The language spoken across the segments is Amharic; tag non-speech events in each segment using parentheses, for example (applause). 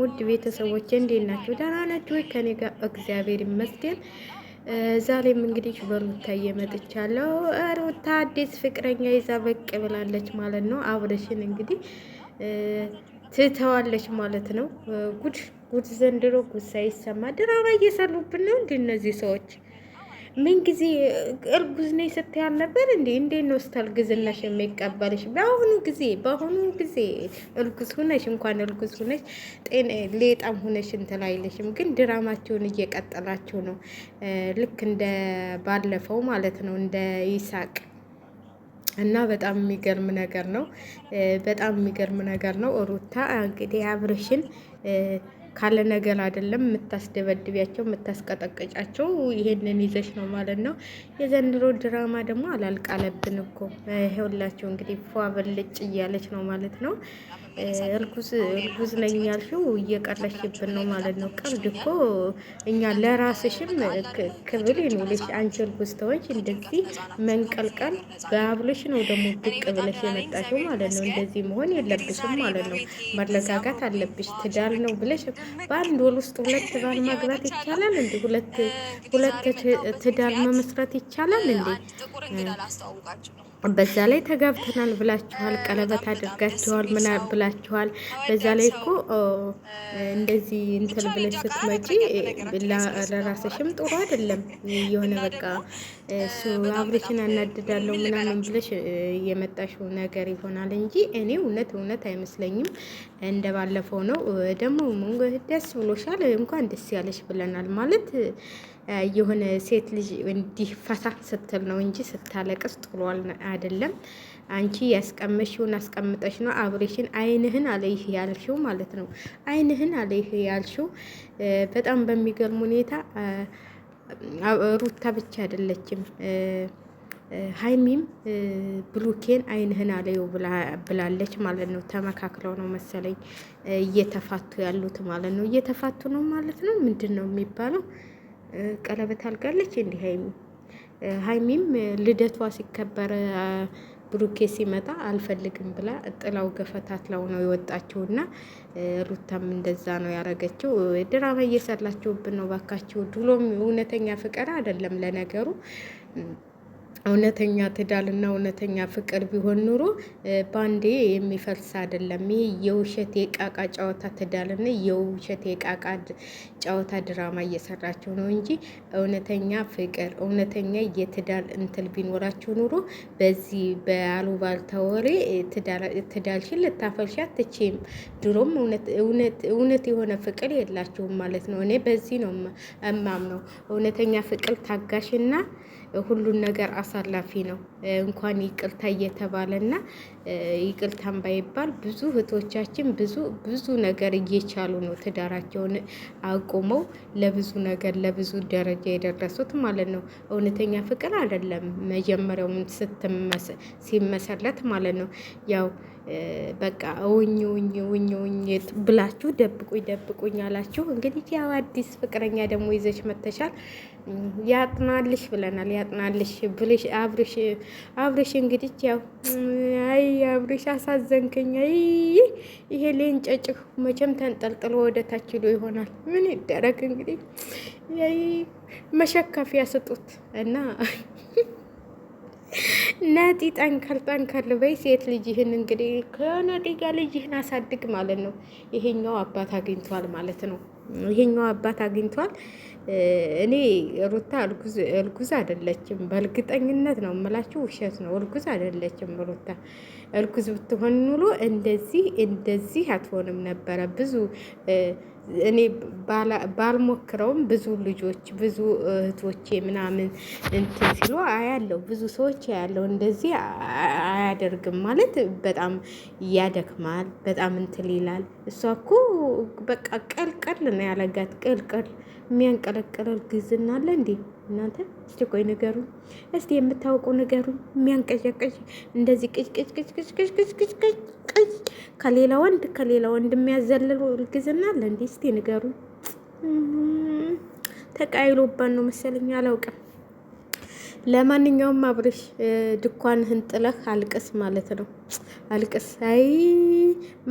ውድ ቤተሰቦች እንዴት ናችሁ? ደህና ናችሁ ወይ? ከኔ ጋር እግዚአብሔር ይመስገን። ዛሬም እንግዲህ በሩታ መጥቻለሁ። ሩታ አዲስ ፍቅረኛ ይዛ በቅ ብላለች ማለት ነው። አብረሽን እንግዲህ ትተዋለች ማለት ነው። ጉድ ጉድ! ዘንድሮ ጉድ ሳይሰማ ድራማ እየሰሩብን ነው እንዲህ እነዚህ ሰዎች ምን ጊዜ እርጉዝ ነኝ ስትያል ነበር እንዴ? እንዴት ነው ስታልግዝናሽ የሚቀበልሽ? በአሁኑ ጊዜ በአሁኑ ጊዜ እርጉዝ ሁነሽ እንኳን እርጉዝ ሁነሽ ጤና ሌጣም ሁነሽ እንትን አይልሽም። ግን ድራማቸውን እየቀጠላችሁ ነው፣ ልክ እንደ ባለፈው ማለት ነው እንደ ይሳቅ እና በጣም የሚገርም ነገር ነው። በጣም የሚገርም ነገር ነው። ሩታ እንግዲህ አብርሽን ካለ ነገር አይደለም የምታስደበድቢያቸው የምታስቀጠቅጫቸው፣ ይሄንን ይዘሽ ነው ማለት ነው። የዘንድሮ ድራማ ደግሞ አላልቃለብን እኮ ይኸውላችሁ፣ እንግዲህ ፏ በልጭ እያለች ነው ማለት ነው። እርጉዝ እርጉዝ ነኝ ያልሽው እየቀረሽብን ነው ማለት ነው። ቀብድ እኮ እኛ ለራስሽም ክብል ይኑልሽ። አንቺ እርጉዝ ተወች እንደዚህ መንቀልቀል በአብሎሽ ነው ደግሞ ብቅ ብለሽ የመጣሽው ማለት ነው። እንደዚህ መሆን የለብሽም ማለት ነው። መረጋጋት አለብሽ። ትዳር ነው ብለሽ በአንድ ወር ውስጥ ሁለት ባል ማግባት ይቻላል እንዴ? ሁለት ሁለት ትዳር መመስረት ይቻላል እንዴ? ጥቁር እንግዳ ላስተዋውቃችሁ ነው። በዛ ላይ ተጋብተናል ብላችኋል፣ ቀለበት አድርጋችኋል፣ ምና ብላችኋል። በዛ ላይ እኮ እንደዚህ እንትን ብለሽ ስትመጪ ለራስሽም ጥሩ አይደለም። የሆነ በቃ እሱ አብሬሽን አናድዳለሁ ምናምን ብለሽ የመጣሽው ነገር ይሆናል እንጂ እኔ እውነት እውነት አይመስለኝም። እንደ ባለፈው ነው ደግሞ ደስ ብሎሻል፣ እንኳን ደስ ያለሽ ብለናል ማለት የሆነ ሴት ልጅ እንዲህ ፈታ ስትል ነው እንጂ ስታለቅስ ጥሏል አይደለም። አንቺ ያስቀመሽውን አስቀምጠሽ ነው አብሬሽን አይንህን አለይህ ያልሽው ማለት ነው። አይንህን አለይህ ያልሽው በጣም በሚገርም ሁኔታ ሩታ ብቻ አይደለችም ሀይሚም ብሩኬን አይንህን አለየው ብላለች ማለት ነው። ተመካክለው ነው መሰለኝ እየተፋቱ ያሉት ማለት ነው። እየተፋቱ ነው ማለት ነው። ምንድን ነው የሚባለው? ቀለበት አልጋለች እንዲህ ሀይሚ ሀይሚም ልደቷ ሲከበር ብሩኬ ሲመጣ አልፈልግም ብላ ጥላው ገፈታትላው ነው የወጣችውና ሩታም እንደዛ ነው ያረገችው። ድራማ እየሰላችሁብን ነው ባካችሁ። ድሎም እውነተኛ ፍቅር አይደለም ለነገሩ። እውነተኛ ትዳርና እውነተኛ ፍቅር ቢሆን ኑሮ ባንዴ የሚፈልስ አይደለም። ይህ የውሸት የቃቃ ጨዋታ ትዳርና የውሸት የቃቃ ጨዋታ ድራማ እየሰራችሁ ነው እንጂ እውነተኛ ፍቅር እውነተኛ የትዳር እንትል ቢኖራችሁ ኑሮ በዚህ በአሉባልታ ወሬ ትዳርሽን ልታፈልሻ አትችም። ድሮም እውነት የሆነ ፍቅር የላችሁም ማለት ነው። እኔ በዚህ ነው ነው እውነተኛ ፍቅር ታጋሽና ሁሉን ነገር አሳላፊ ነው። እንኳን ይቅርታ እየተባለ እና ይቅርታን ባይባል ብዙ እህቶቻችን ብዙ ብዙ ነገር እየቻሉ ነው ትዳራቸውን አቁመው ለብዙ ነገር ለብዙ ደረጃ የደረሱት ማለት ነው። እውነተኛ ፍቅር አይደለም መጀመሪያውን ሲመሰረት ማለት ነው ያው በቃ እውኝ ውኝ ውኝ ውኝ ብላችሁ ደብቁኝ ደብቁኝ አላችሁ። እንግዲህ ያው አዲስ ፍቅረኛ ደግሞ ይዘች መተሻል። ያጥናልሽ ብለናል። ያጥናልሽ ብልሽ አብርሽ አብርሽ እንግዲህ ያው አይ አብርሽ አሳዘንከኝ። አይ ይሄ ሌንጨጭ መቼም ተንጠልጥሎ ወደ ታች ሄዶ ይሆናል። ምን ይደረግ እንግዲህ አይ መሸከፊያ ስጡት እና (laughs) ነጢ ጠንከር ጠንከር በይ ሴት ልጅህን እንግዲህ ከነጢ ጋር ልጅህን አሳድግ ማለት ነው። ይሄኛው አባት አግኝቷል ማለት ነው። ይሄኛው አባት አግኝቷል። እኔ ሩታ እርጉዝ አይደለችም፣ በእርግጠኝነት ነው የምላችሁ። ውሸት ነው፣ እርጉዝ አይደለችም ሩታ። እርጉዝ ብትሆን ኑሮ እንደዚህ እንደዚህ አትሆንም ነበረ ብዙ እኔ ባልሞክረውም ብዙ ልጆች ብዙ እህቶቼ ምናምን እንትን ሲሉ አያለው። ብዙ ሰዎች አያለው። እንደዚህ አያደርግም ማለት በጣም ያደክማል፣ በጣም እንትል ይላል። እሷ እኮ በቃ ቀልቀል ነው ያለጋት። ቀልቀል የሚያንቀለቀለል ግዝናለ እንዴ! እናንተ እስቲ ቆይ ነገሩ እስቲ የምታውቁ ንገሩ። የሚያንቀጨቀጭ እንደዚህ ቅጭቅጭቅጭቅጭቅጭቅጭቅጭቅጭ ከሌላ ወንድ ከሌላ ወንድ የሚያዘልሉ እርግዝና አለ እንዴ? እስቲ ንገሩ። ተቃይሎባን ነው መሰለኝ፣ አላውቅም። ለማንኛውም አብርሽ ድኳንህን ጥለህ አልቅስ ማለት ነው። አልቅሳይ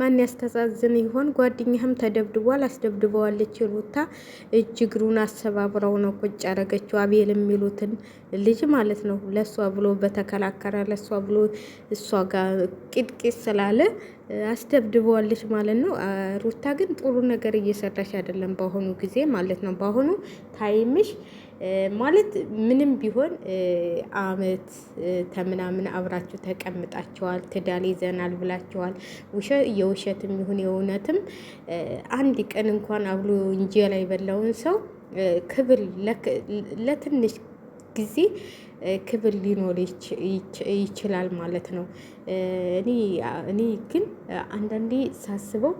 ማን ያስተዛዝን ይሆን? ጓደኛህም ተደብድቧል፣ አስደብድበዋለች ሩታ እጅ እግሩን አሰባብረው ነው ቁጭ ያደረገችው። አቤል የሚሉትን ልጅ ማለት ነው። ለእሷ ብሎ በተከላከረ ለእሷ ብሎ እሷ ጋር ቂጥቂጥ ስላለ አስደብድበዋለች ማለት ነው። ሩታ ግን ጥሩ ነገር እየሰራች አይደለም፣ በአሁኑ ጊዜ ማለት ነው። በአሁኑ ታይምሽ ማለት ምንም ቢሆን አመት ተምናምን አብራችሁ ተቀምጣችኋል፣ ትዳር ይዘናል ብላችኋል። የውሸትም ይሁን የእውነትም አንድ ቀን እንኳን አብሎ እንጀራ የበላውን ሰው ክብር ለትንሽ ጊዜ ክብር ሊኖር ይችላል ማለት ነው። እኔ ግን አንዳንዴ ሳስበው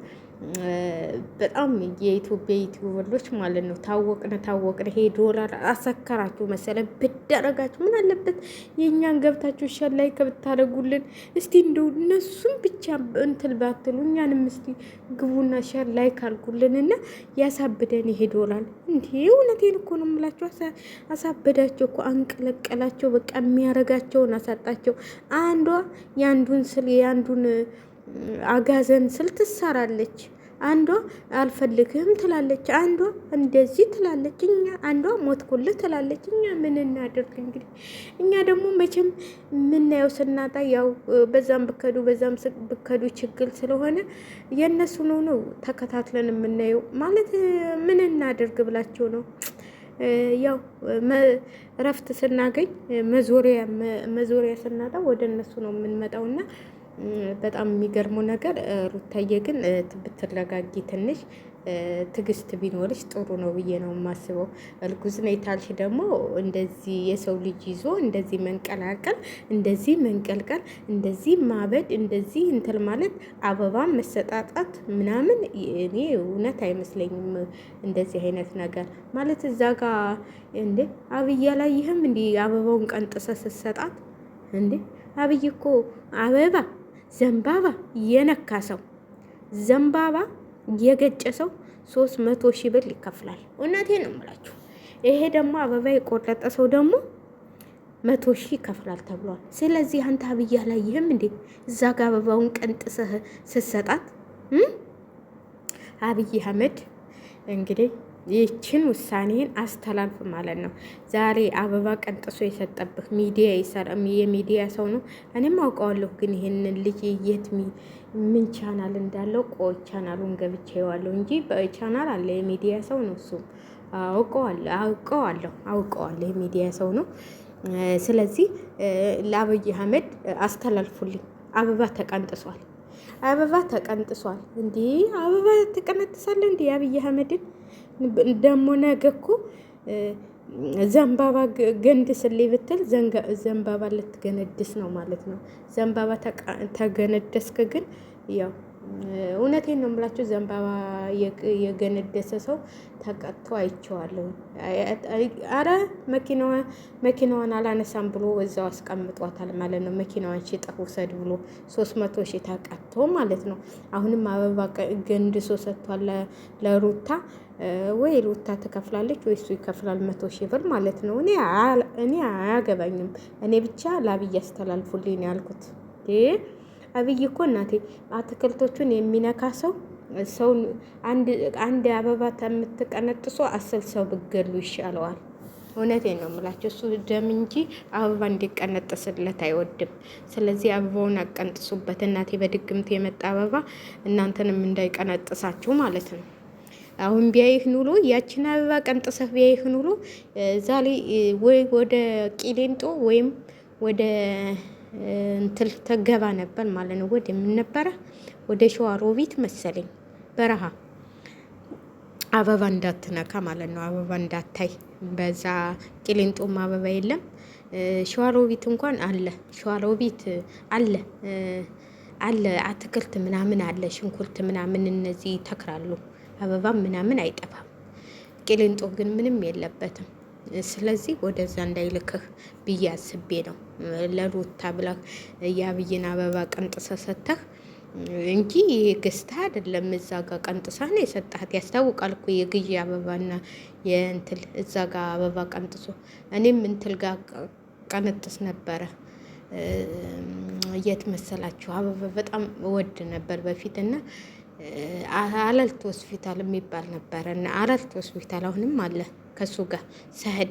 በጣም የኢትዮጵያ ዩቲዩበሮች ማለት ነው ታወቅነ ታወቅነ ይሄ ዶላር አሰከራችሁ መሰለ ብዳረጋችሁ ምን አለበት የእኛን ገብታችሁ ሸል ላይ ከብታደረጉልን እስቲ እንደው እነሱም ብቻ እንትል ባትሉ እኛንም እስቲ ግቡና ሸል ላይ ካልኩልን እና ያሳብደን ይሄ ዶላር። እንዲ እውነቴን እኮ ነው የምላችሁ። አሳበዳቸው እኮ አንቀለቀላቸው። በቃ የሚያረጋቸውን አሳጣቸው። አንዷ የአንዱን ስል የአንዱን አጋዘን ስል ትሰራለች። አንዷ አልፈልግህም ትላለች፣ አንዷ እንደዚህ ትላለች፣ እኛ አንዷ ሞትኩልህ ትላለች። እኛ ምን እናድርግ እንግዲህ። እኛ ደግሞ መቼም የምናየው ስናጣ ያው በዛም ብከዱ በዛም ብከዱ ችግር ስለሆነ የእነሱ ነው ነው ተከታትለን የምናየው ማለት ምን እናድርግ ብላቸው ነው ያው እረፍት ስናገኝ መዞሪያ መዞሪያ ስናጣ ወደ እነሱ ነው የምንመጣውና በጣም የሚገርመው ነገር ሩታዬ ግን ብትረጋጊ ትንሽ ትግስት ቢኖርሽ ጥሩ ነው ብዬ ነው የማስበው። እርጉዝ ነኝ ደግሞ እንደዚህ የሰው ልጅ ይዞ እንደዚህ መንቀላቀል፣ እንደዚህ መንቀልቀል፣ እንደዚህ ማበድ፣ እንደዚህ እንትል ማለት አበባ መሰጣጣት ምናምን እኔ እውነት አይመስለኝም። እንደዚህ አይነት ነገር ማለት እዛ ጋ እንዴ አብያ ላይ ይህም እንዲ አበባውን ቀንጥሰ ስሰጣት እንዴ አብይ እኮ አበባ ዘንባባ የነካ ሰው ዘንባባ የገጨ ሰው ሶስት መቶ ሺ ብር ይከፍላል። እውነቴን ነው የምላችሁ። ይሄ ደግሞ አበባ የቆረጠ ሰው ደግሞ መቶ ሺህ ይከፍላል ተብሏል። ስለዚህ አንተ አብያ ላይ ይህም እንዴ እዛ ጋ አበባውን ቀንጥሰህ ስትሰጣት አብይ አህመድ እንግዲህ ይችን ውሳኔን አስተላልፍ ማለት ነው። ዛሬ አበባ ቀንጥሶ የሰጠብህ ሚዲያ የሚዲያ ሰው ነው። እኔም አውቀዋለሁ፣ ግን ይህንን ልጅ የት ምን ቻናል እንዳለው ቆ ቻናሉን ገብቼ ይዋለሁ እንጂ በቻናል አለ የሚዲያ ሰው ነው። እሱም አውቀዋለሁ፣ አውቀዋለሁ የሚዲያ ሰው ነው። ስለዚህ ለአብይ አህመድ አስተላልፉልኝ። አበባ ተቀንጥሷል፣ አበባ ተቀንጥሷል። እንዲህ አበባ ተቀነጥሳለ እንዲህ አብይ አህመድን ደሞ ነገ እኮ ዘንባባ ገንድስልኝ ብትል ዘንባባ ልትገነድስ ነው ማለት ነው። ዘንባባ ተገነደስክ ግን ያው እውነቴን ነው የምላችሁ። ዘንባባ የገነደሰ ሰው ተቀጥቶ አይቼዋለሁ። አረ መኪናዋን አላነሳም ብሎ እዛው አስቀምጧታል ማለት ነው። መኪናዋን ሽጠህ ውሰድ ብሎ ሶስት መቶ ሺህ ተቀጥቶ ማለት ነው። አሁንም አበባ ገንድሶ ሰጥቷል ለሩታ። ወይ ሩታ ትከፍላለች ወይ እሱ ይከፍላል። መቶ ሺህ ብር ማለት ነው። እኔ አያገባኝም። እኔ ብቻ ላብ አስተላልፉልኝ ያልኩት አብይ እኮ እናቴ አትክልቶቹን የሚነካ ሰው ሰው አንድ አበባ የምትቀነጥሶ አስር ሰው ብገሉ ይሻለዋል። እውነቴ ነው የምላቸው። እሱ ደም እንጂ አበባ እንዲቀነጥስለት አይወድም። ስለዚህ አበባውን አቀንጥሱበት እናቴ። በድግምት የመጣ አበባ እናንተንም እንዳይቀነጥሳችሁ ማለት ነው። አሁን ቢያይህ ኑሮ ያችን አበባ ቀንጥሰህ ቢያይህ ኑሮ ዛሬ ወይ ወደ ቂሊንጦ ወይም ወደ እንትል ተገባ ነበር ማለት ነው። ወደ ምን ነበረ? ወደ ሸዋሮቢት መሰለኝ በረሃ አበባ እንዳትነካ ማለት ነው። አበባ እንዳታይ በዛ ቂሊንጦም አበባ የለም። ሸዋሮቢት እንኳን አለ፣ ሸዋሮቢት አለ አለ አትክልት ምናምን አለ፣ ሽንኩርት ምናምን እነዚህ ይተክራሉ። አበባ ምናምን አይጠፋም። ቂሊንጦ ግን ምንም የለበትም። ስለዚህ ወደዛ እንዳይልክህ ብዬ አስቤ ነው ለሩታ ብለህ የአብይን አበባ ቀንጥሰ ሰተህ እንጂ ግስታ አይደለም። እዛ ጋ ቀንጥሳ ነው የሰጣት። ያስታውቃል እኮ የግዢ አበባና የእንትል እዛ ጋ አበባ ቀንጥሶ እኔም እንትል ጋ ቀነጥስ ነበረ። የት መሰላችሁ? አበባ በጣም ወድ ነበር በፊት እና አለልት ሆስፒታል የሚባል ነበረ እና አለልት ሆስፒታል አሁንም አለ ከሱ ጋር ሰህድ